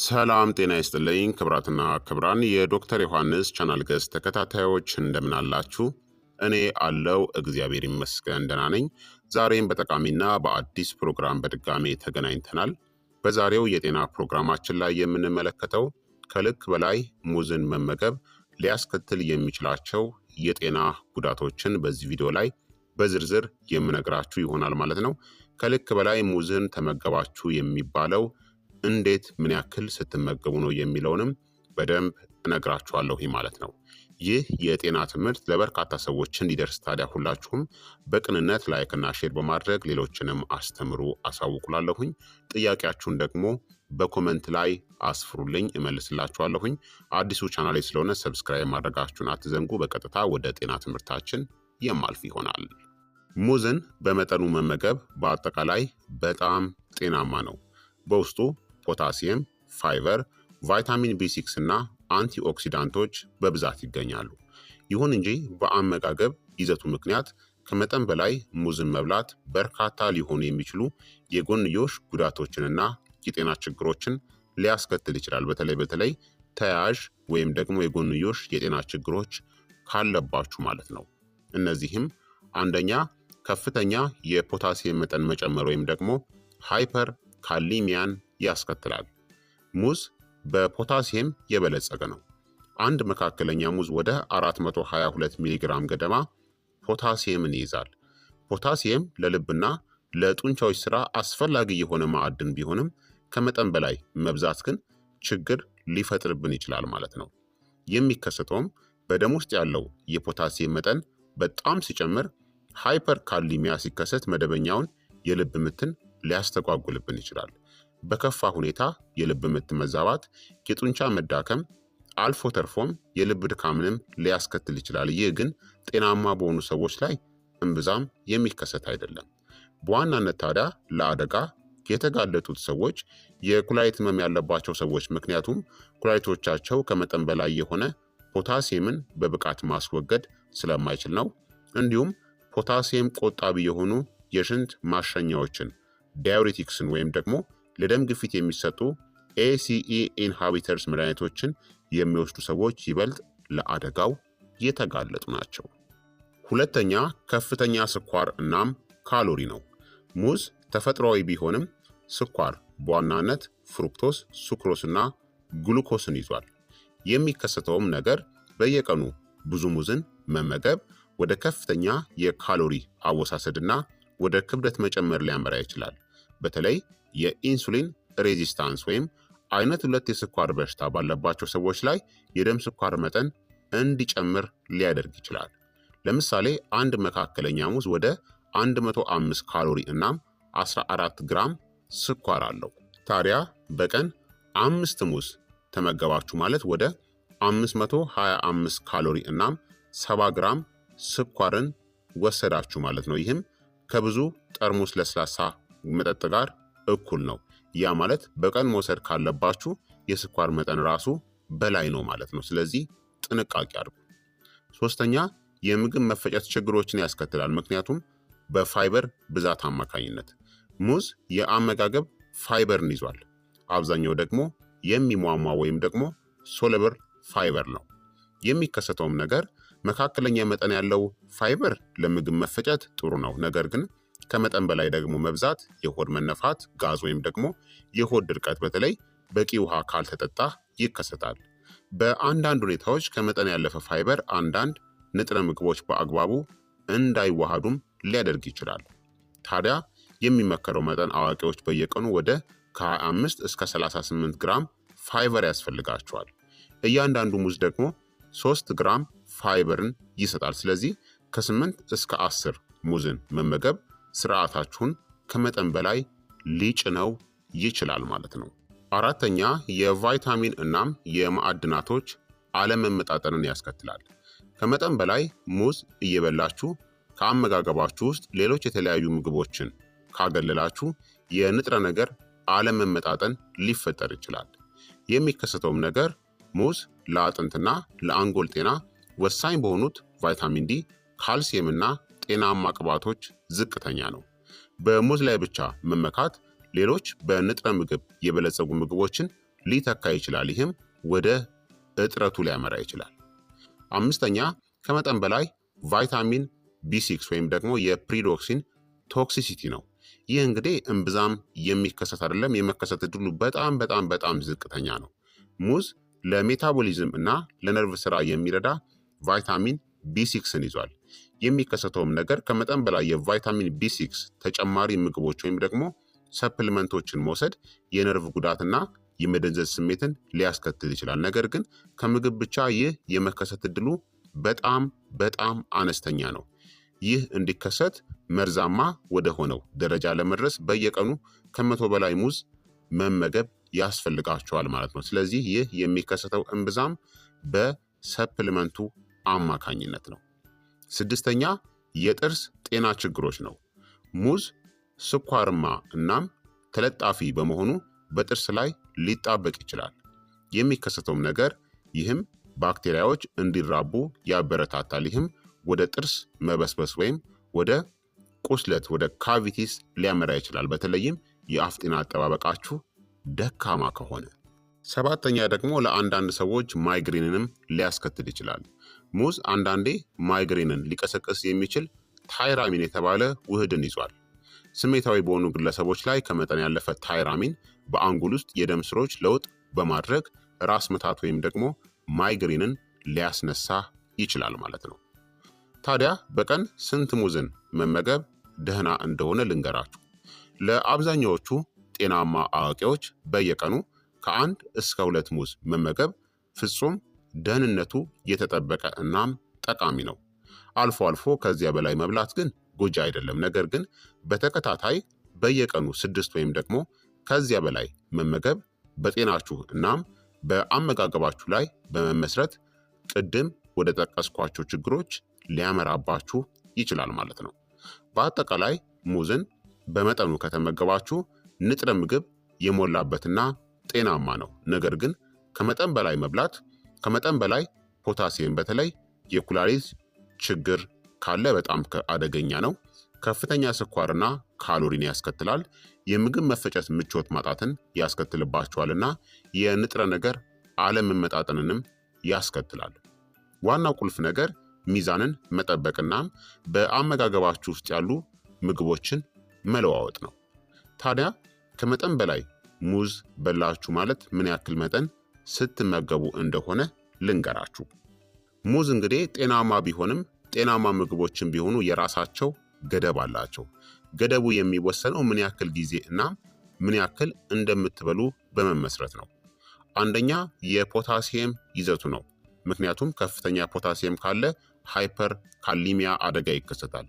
ሰላም ጤና ይስጥልኝ ክብራትና ክብራን የዶክተር ዮሐንስ ቻናል ገጽ ተከታታዮች እንደምን አላችሁ? እኔ አለው እግዚአብሔር ይመስገን ደህና ነኝ። ዛሬም በጠቃሚና በአዲስ ፕሮግራም በድጋሜ ተገናኝተናል። በዛሬው የጤና ፕሮግራማችን ላይ የምንመለከተው ከልክ በላይ ሙዝን መመገብ ሊያስከትል የሚችላቸው የጤና ጉዳቶችን በዚህ ቪዲዮ ላይ በዝርዝር የምነግራችሁ ይሆናል ማለት ነው። ከልክ በላይ ሙዝን ተመገባችሁ የሚባለው እንዴት ምን ያክል ስትመገቡ ነው የሚለውንም በደንብ እነግራችኋለሁ ማለት ነው። ይህ የጤና ትምህርት ለበርካታ ሰዎች እንዲደርስ ታዲያ ሁላችሁም በቅንነት ላይክና ሼር በማድረግ ሌሎችንም አስተምሩ አሳውቁላለሁኝ። ጥያቄያችሁን ደግሞ በኮመንት ላይ አስፍሩልኝ እመልስላችኋለሁኝ። አዲሱ ቻናሌ ስለሆነ ሰብስክራይብ ማድረጋችሁን አትዘንጉ። በቀጥታ ወደ ጤና ትምህርታችን የማልፍ ይሆናል። ሙዝን በመጠኑ መመገብ በአጠቃላይ በጣም ጤናማ ነው። በውስጡ ፖታሲየም፣ ፋይበር፣ ቫይታሚን ቢ6 እና አንቲኦክሲዳንቶች በብዛት ይገኛሉ። ይሁን እንጂ በአመጋገብ ይዘቱ ምክንያት ከመጠን በላይ ሙዝን መብላት በርካታ ሊሆኑ የሚችሉ የጎንዮሽ ጉዳቶችንና የጤና ችግሮችን ሊያስከትል ይችላል። በተለይ በተለይ ተያያዥ ወይም ደግሞ የጎንዮሽ የጤና ችግሮች ካለባችሁ ማለት ነው። እነዚህም አንደኛ ከፍተኛ የፖታሲየም መጠን መጨመር ወይም ደግሞ ሃይፐር ካሊሚያን ያስከትላል። ሙዝ በፖታሲየም የበለጸገ ነው። አንድ መካከለኛ ሙዝ ወደ 422 ሚሊግራም ገደማ ፖታሲየምን ይይዛል። ፖታሲየም ለልብና ለጡንቻዎች ሥራ አስፈላጊ የሆነ ማዕድን ቢሆንም ከመጠን በላይ መብዛት ግን ችግር ሊፈጥርብን ይችላል ማለት ነው። የሚከሰተውም በደም ውስጥ ያለው የፖታሲየም መጠን በጣም ሲጨምር ሃይፐር ካሊሚያ ሲከሰት መደበኛውን የልብ ምትን ሊያስተጓጉልብን ይችላል። በከፋ ሁኔታ የልብ ምት መዛባት፣ የጡንቻ መዳከም አልፎ ተርፎም የልብ ድካምንም ሊያስከትል ይችላል። ይህ ግን ጤናማ በሆኑ ሰዎች ላይ እምብዛም የሚከሰት አይደለም። በዋናነት ታዲያ ለአደጋ የተጋለጡት ሰዎች የኩላሊት ህመም ያለባቸው ሰዎች፣ ምክንያቱም ኩላሊቶቻቸው ከመጠን በላይ የሆነ ፖታሲየምን በብቃት ማስወገድ ስለማይችል ነው። እንዲሁም ፖታሲየም ቆጣቢ የሆኑ የሽንት ማሸኛዎችን ዳዩሪቲክስን ወይም ደግሞ ለደም ግፊት የሚሰጡ ኤሲኢ ኢንሃቢተርስ e መድኃኒቶችን የሚወስዱ ሰዎች ይበልጥ ለአደጋው የተጋለጡ ናቸው። ሁለተኛ ከፍተኛ ስኳር እናም ካሎሪ ነው። ሙዝ ተፈጥሯዊ ቢሆንም ስኳር በዋናነት ፍሩክቶስ፣ ሱክሮስና ግሉኮስን ይዟል። የሚከሰተውም ነገር በየቀኑ ብዙ ሙዝን መመገብ ወደ ከፍተኛ የካሎሪ አወሳሰድና ወደ ክብደት መጨመር ሊያመራ ይችላል። በተለይ የኢንሱሊን ሬዚስታንስ ወይም አይነት ሁለት የስኳር በሽታ ባለባቸው ሰዎች ላይ የደም ስኳር መጠን እንዲጨምር ሊያደርግ ይችላል። ለምሳሌ አንድ መካከለኛ ሙዝ ወደ 105 ካሎሪ እናም 14 ግራም ስኳር አለው። ታዲያ በቀን አምስት ሙዝ ተመገባችሁ ማለት ወደ 525 ካሎሪ እናም 70 ግራም ስኳርን ወሰዳችሁ ማለት ነው። ይህም ከብዙ ጠርሙስ ለስላሳ መጠጥ ጋር እኩል ነው። ያ ማለት በቀን መውሰድ ካለባችሁ የስኳር መጠን ራሱ በላይ ነው ማለት ነው። ስለዚህ ጥንቃቄ አድርጉ። ሶስተኛ የምግብ መፈጨት ችግሮችን ያስከትላል፣ ምክንያቱም በፋይበር ብዛት አማካኝነት። ሙዝ የአመጋገብ ፋይበርን ይዟል። አብዛኛው ደግሞ የሚሟሟ ወይም ደግሞ ሶለበር ፋይበር ነው። የሚከሰተውም ነገር መካከለኛ መጠን ያለው ፋይበር ለምግብ መፈጨት ጥሩ ነው፣ ነገር ግን ከመጠን በላይ ደግሞ መብዛት የሆድ መነፋት፣ ጋዝ ወይም ደግሞ የሆድ ድርቀት በተለይ በቂ ውሃ ካልተጠጣ ይከሰታል። በአንዳንድ ሁኔታዎች ከመጠን ያለፈ ፋይበር አንዳንድ ንጥረ ምግቦች በአግባቡ እንዳይዋሃዱም ሊያደርግ ይችላል። ታዲያ የሚመከረው መጠን አዋቂዎች በየቀኑ ወደ ከ25 እስከ 38 ግራም ፋይበር ያስፈልጋቸዋል። እያንዳንዱ ሙዝ ደግሞ 3 ግራም ፋይበርን ይሰጣል። ስለዚህ ከ8 እስከ 10 ሙዝን መመገብ ስርዓታችሁን ከመጠን በላይ ሊጭነው ይችላል ማለት ነው። አራተኛ የቫይታሚን እናም የማዕድናቶች አለመመጣጠንን ያስከትላል። ከመጠን በላይ ሙዝ እየበላችሁ ከአመጋገባችሁ ውስጥ ሌሎች የተለያዩ ምግቦችን ካገለላችሁ የንጥረ ነገር አለመመጣጠን ሊፈጠር ይችላል። የሚከሰተውም ነገር ሙዝ ለአጥንትና ለአንጎል ጤና ወሳኝ በሆኑት ቫይታሚን ዲ፣ ካልሲየምና ጤናማ ቅባቶች ዝቅተኛ ነው። በሙዝ ላይ ብቻ መመካት ሌሎች በንጥረ ምግብ የበለጸጉ ምግቦችን ሊተካ ይችላል። ይህም ወደ እጥረቱ ሊያመራ ይችላል። አምስተኛ ከመጠን በላይ ቫይታሚን ቢ6 ወይም ደግሞ የፕሪዶክሲን ቶክሲሲቲ ነው። ይህ እንግዲህ እምብዛም የሚከሰት አይደለም። የመከሰት እድሉ በጣም በጣም በጣም ዝቅተኛ ነው። ሙዝ ለሜታቦሊዝም እና ለነርቭ ስራ የሚረዳ ቫይታሚን ቢ6ን ይዟል። የሚከሰተውም ነገር ከመጠን በላይ የቫይታሚን ቢ6 ተጨማሪ ምግቦች ወይም ደግሞ ሰፕሊመንቶችን መውሰድ የነርቭ ጉዳትና የመደንዘዝ ስሜትን ሊያስከትል ይችላል። ነገር ግን ከምግብ ብቻ ይህ የመከሰት እድሉ በጣም በጣም አነስተኛ ነው። ይህ እንዲከሰት መርዛማ ወደ ሆነው ደረጃ ለመድረስ በየቀኑ ከመቶ በላይ ሙዝ መመገብ ያስፈልጋቸዋል ማለት ነው። ስለዚህ ይህ የሚከሰተው እምብዛም በሰፕልመንቱ አማካኝነት ነው። ስድስተኛ የጥርስ ጤና ችግሮች ነው። ሙዝ ስኳርማ እናም ተለጣፊ በመሆኑ በጥርስ ላይ ሊጣበቅ ይችላል። የሚከሰተውም ነገር ይህም ባክቴሪያዎች እንዲራቡ ያበረታታል። ይህም ወደ ጥርስ መበስበስ ወይም ወደ ቁስለት ወደ ካቪቲስ ሊያመራ ይችላል። በተለይም የአፍ ጤና አጠባበቃችሁ ደካማ ከሆነ። ሰባተኛ ደግሞ ለአንዳንድ ሰዎች ማይግሪንንም ሊያስከትል ይችላል። ሙዝ አንዳንዴ ማይግሬንን ሊቀሰቅስ የሚችል ታይራሚን የተባለ ውህድን ይዟል። ስሜታዊ በሆኑ ግለሰቦች ላይ ከመጠን ያለፈ ታይራሚን በአንጎል ውስጥ የደም ስሮች ለውጥ በማድረግ ራስ ምታት ወይም ደግሞ ማይግሬንን ሊያስነሳ ይችላል ማለት ነው። ታዲያ በቀን ስንት ሙዝን መመገብ ደህና እንደሆነ ልንገራችሁ። ለአብዛኛዎቹ ጤናማ አዋቂዎች በየቀኑ ከአንድ እስከ ሁለት ሙዝ መመገብ ፍጹም ደህንነቱ የተጠበቀ እናም ጠቃሚ ነው። አልፎ አልፎ ከዚያ በላይ መብላት ግን ጎጂ አይደለም። ነገር ግን በተከታታይ በየቀኑ ስድስት ወይም ደግሞ ከዚያ በላይ መመገብ በጤናችሁ እናም በአመጋገባችሁ ላይ በመመስረት ቅድም ወደ ጠቀስኳቸው ችግሮች ሊያመራባችሁ ይችላል ማለት ነው። በአጠቃላይ ሙዝን በመጠኑ ከተመገባችሁ ንጥረ ምግብ የሞላበትና ጤናማ ነው። ነገር ግን ከመጠን በላይ መብላት ከመጠን በላይ ፖታሲየም በተለይ የኩላሊት ችግር ካለ በጣም አደገኛ ነው። ከፍተኛ ስኳርና ካሎሪን ያስከትላል። የምግብ መፈጨት ምቾት ማጣትን ያስከትልባቸዋልና የንጥረ ነገር አለመመጣጠንንም ያስከትላል። ዋናው ቁልፍ ነገር ሚዛንን መጠበቅናም በአመጋገባችሁ ውስጥ ያሉ ምግቦችን መለዋወጥ ነው። ታዲያ ከመጠን በላይ ሙዝ በላችሁ ማለት ምን ያክል መጠን ስትመገቡ እንደሆነ ልንገራችሁ። ሙዝ እንግዲህ ጤናማ ቢሆንም ጤናማ ምግቦችን ቢሆኑ የራሳቸው ገደብ አላቸው። ገደቡ የሚወሰነው ምን ያክል ጊዜ እና ምን ያክል እንደምትበሉ በመመስረት ነው። አንደኛ የፖታሲየም ይዘቱ ነው። ምክንያቱም ከፍተኛ ፖታሲየም ካለ ሃይፐር ካሊሚያ አደጋ ይከሰታል።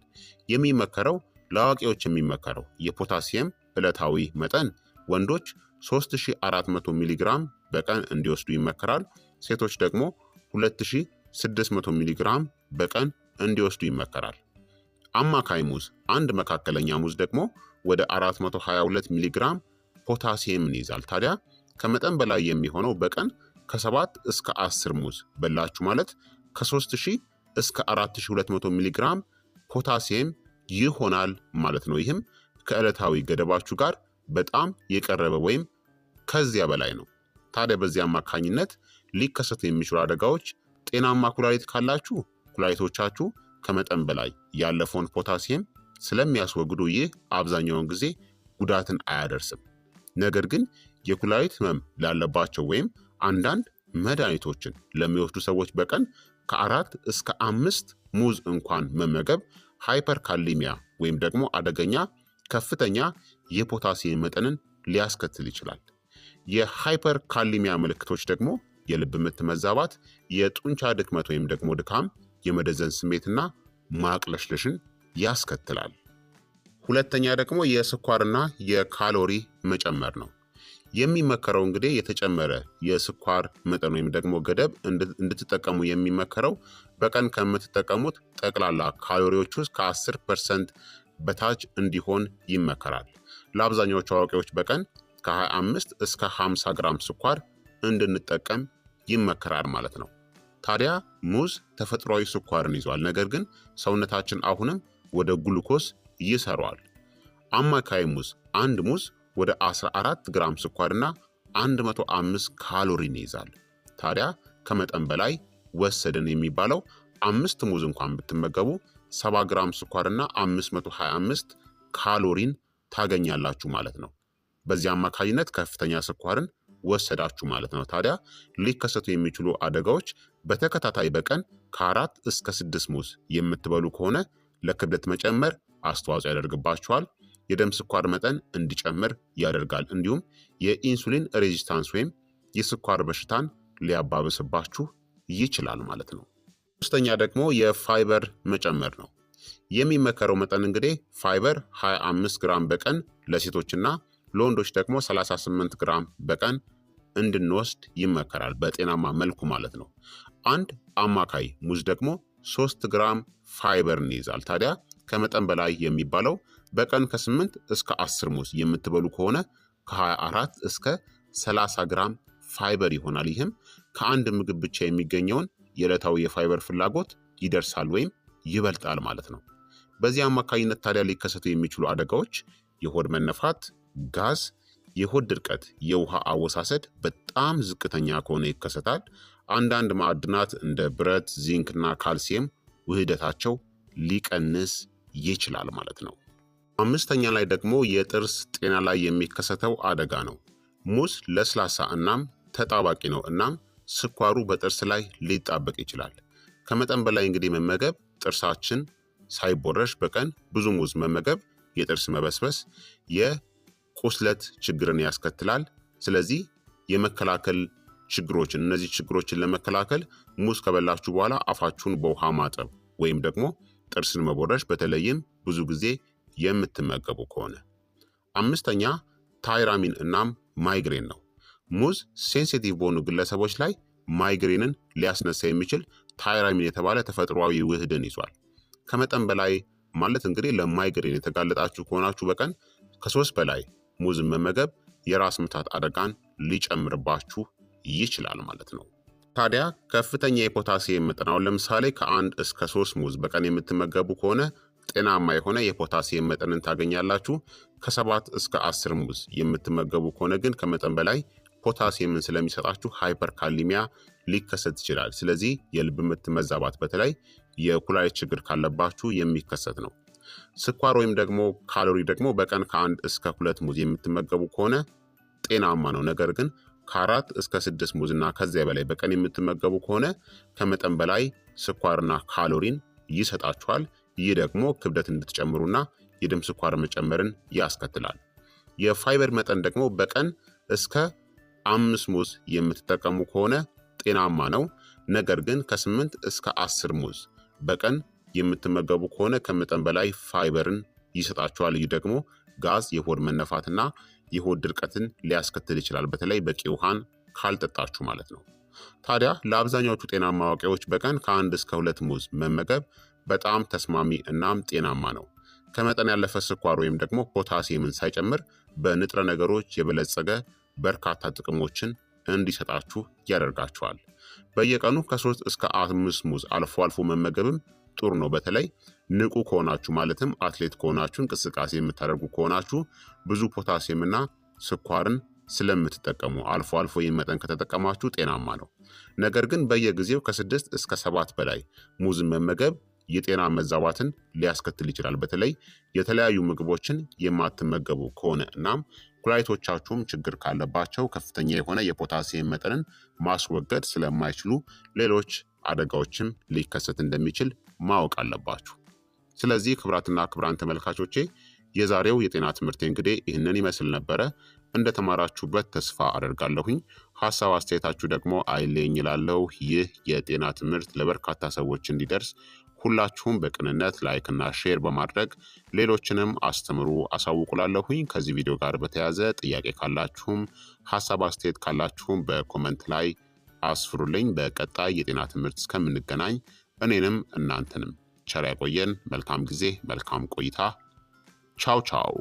የሚመከረው ለአዋቂዎች የሚመከረው የፖታሲየም ዕለታዊ መጠን ወንዶች 3400 ሚሊግራም በቀን እንዲወስዱ ይመከራል። ሴቶች ደግሞ 2600 ሚሊግራም በቀን እንዲወስዱ ይመከራል። አማካይ ሙዝ አንድ መካከለኛ ሙዝ ደግሞ ወደ 422 ሚሊግራም ፖታሲየምን ይይዛል ታዲያ ከመጠን በላይ የሚሆነው በቀን ከ7 እስከ 10 ሙዝ በላችሁ ማለት ከ3000 እስከ 4200 ሚሊግራም ፖታሲየም ይሆናል ማለት ነው። ይህም ከዕለታዊ ገደባችሁ ጋር በጣም የቀረበ ወይም ከዚያ በላይ ነው። ታዲያ በዚህ አማካኝነት ሊከሰቱ የሚችሉ አደጋዎች ጤናማ ኩላሊት ካላችሁ ኩላሊቶቻችሁ ከመጠን በላይ ያለፈውን ፖታሲየም ስለሚያስወግዱ ይህ አብዛኛውን ጊዜ ጉዳትን አያደርስም። ነገር ግን የኩላሊት ህመም ላለባቸው ወይም አንዳንድ መድኃኒቶችን ለሚወስዱ ሰዎች በቀን ከአራት እስከ አምስት ሙዝ እንኳን መመገብ ሃይፐርካሊሚያ ወይም ደግሞ አደገኛ ከፍተኛ የፖታሲየም መጠንን ሊያስከትል ይችላል። የሃይፐር ካሊሚያ ምልክቶች ደግሞ የልብ ምት መዛባት፣ የጡንቻ ድክመት ወይም ደግሞ ድካም፣ የመደዘን ስሜትና ማቅለሽለሽን ያስከትላል። ሁለተኛ ደግሞ የስኳርና የካሎሪ መጨመር ነው። የሚመከረው እንግዲህ የተጨመረ የስኳር መጠን ወይም ደግሞ ገደብ እንድትጠቀሙ የሚመከረው በቀን ከምትጠቀሙት ጠቅላላ ካሎሪዎች ውስጥ ከ10 ፐርሰንት በታች እንዲሆን ይመከራል። ለአብዛኛዎቹ አዋቂዎች በቀን ከ25 እስከ 50 ግራም ስኳር እንድንጠቀም ይመከራል ማለት ነው። ታዲያ ሙዝ ተፈጥሯዊ ስኳርን ይዟል፣ ነገር ግን ሰውነታችን አሁንም ወደ ግሉኮስ ይሰሯል። አማካይ ሙዝ አንድ ሙዝ ወደ 14 ግራም ስኳርና 105 ካሎሪን ይይዛል። ታዲያ ከመጠን በላይ ወሰድን የሚባለው አምስት ሙዝ እንኳን ብትመገቡ 70 ግራም ስኳርና 525 ካሎሪን ታገኛላችሁ ማለት ነው። በዚህ አማካኝነት ከፍተኛ ስኳርን ወሰዳችሁ ማለት ነው። ታዲያ ሊከሰቱ የሚችሉ አደጋዎች በተከታታይ በቀን ከአራት እስከ ስድስት ሙዝ የምትበሉ ከሆነ ለክብደት መጨመር አስተዋጽኦ ያደርግባችኋል። የደም ስኳር መጠን እንዲጨምር ያደርጋል። እንዲሁም የኢንሱሊን ሬዚስታንስ ወይም የስኳር በሽታን ሊያባብስባችሁ ይችላል ማለት ነው። ሶስተኛ ደግሞ የፋይበር መጨመር ነው። የሚመከረው መጠን እንግዲህ ፋይበር 25 ግራም በቀን ለሴቶችና ለወንዶች ደግሞ 38 ግራም በቀን እንድንወስድ ይመከራል። በጤናማ መልኩ ማለት ነው። አንድ አማካይ ሙዝ ደግሞ 3 ግራም ፋይበርን ይይዛል። ታዲያ ከመጠን በላይ የሚባለው በቀን ከ8 እስከ 10 ሙዝ የምትበሉ ከሆነ ከ24 እስከ 30 ግራም ፋይበር ይሆናል። ይህም ከአንድ ምግብ ብቻ የሚገኘውን የዕለታዊ የፋይበር ፍላጎት ይደርሳል ወይም ይበልጣል ማለት ነው። በዚህ አማካኝነት ታዲያ ሊከሰቱ የሚችሉ አደጋዎች የሆድ መነፋት፣ ጋዝ የሆድ ድርቀት፣ የውሃ አወሳሰድ በጣም ዝቅተኛ ከሆነ ይከሰታል። አንዳንድ ማዕድናት እንደ ብረት፣ ዚንክና ካልሲየም ውህደታቸው ሊቀንስ ይችላል ማለት ነው። አምስተኛ ላይ ደግሞ የጥርስ ጤና ላይ የሚከሰተው አደጋ ነው። ሙዝ ለስላሳ እናም ተጣባቂ ነው፣ እናም ስኳሩ በጥርስ ላይ ሊጣበቅ ይችላል። ከመጠን በላይ እንግዲህ መመገብ ጥርሳችን ሳይቦረሽ በቀን ብዙ ሙዝ መመገብ የጥርስ መበስበስ ቁስለት ችግርን ያስከትላል። ስለዚህ የመከላከል ችግሮችን እነዚህ ችግሮችን ለመከላከል ሙዝ ከበላችሁ በኋላ አፋችሁን በውሃ ማጠብ ወይም ደግሞ ጥርስን መቦረሽ በተለይም ብዙ ጊዜ የምትመገቡ ከሆነ። አምስተኛ ታይራሚን እናም ማይግሬን ነው። ሙዝ ሴንሲቲቭ በሆኑ ግለሰቦች ላይ ማይግሬንን ሊያስነሳ የሚችል ታይራሚን የተባለ ተፈጥሯዊ ውህድን ይዟል። ከመጠን በላይ ማለት እንግዲህ ለማይግሬን የተጋለጣችሁ ከሆናችሁ በቀን ከሶስት በላይ ሙዝን መመገብ የራስ ምታት አደጋን ሊጨምርባችሁ ይችላል ማለት ነው። ታዲያ ከፍተኛ የፖታሲየም መጠን አሁን ለምሳሌ ከአንድ እስከ ሶስት ሙዝ በቀን የምትመገቡ ከሆነ ጤናማ የሆነ የፖታሲየም መጠንን ታገኛላችሁ። ከሰባት እስከ አስር ሙዝ የምትመገቡ ከሆነ ግን ከመጠን በላይ ፖታሲየምን ስለሚሰጣችሁ ሃይፐርካሊሚያ ሊከሰት ይችላል። ስለዚህ የልብ ምት መዛባት በተለይ የኩላሊት ችግር ካለባችሁ የሚከሰት ነው። ስኳር ወይም ደግሞ ካሎሪ ደግሞ በቀን ከአንድ እስከ ሁለት ሙዝ የምትመገቡ ከሆነ ጤናማ ነው። ነገር ግን ከአራት እስከ ስድስት ሙዝ እና ከዚያ በላይ በቀን የምትመገቡ ከሆነ ከመጠን በላይ ስኳርና ካሎሪን ይሰጣችኋል። ይህ ደግሞ ክብደት እንድትጨምሩና የደም ስኳር መጨመርን ያስከትላል። የፋይበር መጠን ደግሞ በቀን እስከ አምስት ሙዝ የምትጠቀሙ ከሆነ ጤናማ ነው። ነገር ግን ከስምንት እስከ አስር ሙዝ በቀን የምትመገቡ ከሆነ ከመጠን በላይ ፋይበርን ይሰጣችኋል። ይህ ደግሞ ጋዝ፣ የሆድ መነፋትና የሆድ ድርቀትን ሊያስከትል ይችላል፣ በተለይ በቂ ውሃን ካልጠጣችሁ ማለት ነው። ታዲያ ለአብዛኛዎቹ ጤናማ አዋቂዎች በቀን ከአንድ እስከ ሁለት ሙዝ መመገብ በጣም ተስማሚ እናም ጤናማ ነው። ከመጠን ያለፈ ስኳር ወይም ደግሞ ፖታሲየምን ሳይጨምር በንጥረ ነገሮች የበለጸገ በርካታ ጥቅሞችን እንዲሰጣችሁ ያደርጋችኋል። በየቀኑ ከሶስት እስከ አምስት ሙዝ አልፎ አልፎ መመገብም ጥሩ ነው። በተለይ ንቁ ከሆናችሁ ማለትም አትሌት ከሆናችሁ እንቅስቃሴ የምታደርጉ ከሆናችሁ ብዙ ፖታሲየምና ስኳርን ስለምትጠቀሙ አልፎ አልፎ ይህን መጠን ከተጠቀማችሁ ጤናማ ነው። ነገር ግን በየጊዜው ከስድስት እስከ ሰባት በላይ ሙዝን መመገብ የጤና መዛባትን ሊያስከትል ይችላል። በተለይ የተለያዩ ምግቦችን የማትመገቡ ከሆነ እናም ኩላሊቶቻችሁም ችግር ካለባቸው ከፍተኛ የሆነ የፖታሲየም መጠንን ማስወገድ ስለማይችሉ ሌሎች አደጋዎችም ሊከሰት እንደሚችል ማወቅ አለባችሁ። ስለዚህ ክብራትና ክብራን ተመልካቾቼ የዛሬው የጤና ትምህርት እንግዲህ ይህንን ይመስል ነበረ። እንደተማራችሁበት ተስፋ አደርጋለሁኝ። ሀሳብ አስተያየታችሁ ደግሞ አይለኝ ይላለው። ይህ የጤና ትምህርት ለበርካታ ሰዎች እንዲደርስ ሁላችሁም በቅንነት ላይክና ሼር በማድረግ ሌሎችንም አስተምሩ አሳውቁላለሁኝ። ከዚህ ቪዲዮ ጋር በተያያዘ ጥያቄ ካላችሁም ሀሳብ አስተያየት ካላችሁም በኮመንት ላይ አስፍሩልኝ። በቀጣይ የጤና ትምህርት እስከምንገናኝ እኔንም እናንተንም ቸር ያቆየን። መልካም ጊዜ፣ መልካም ቆይታ። ቻው ቻው።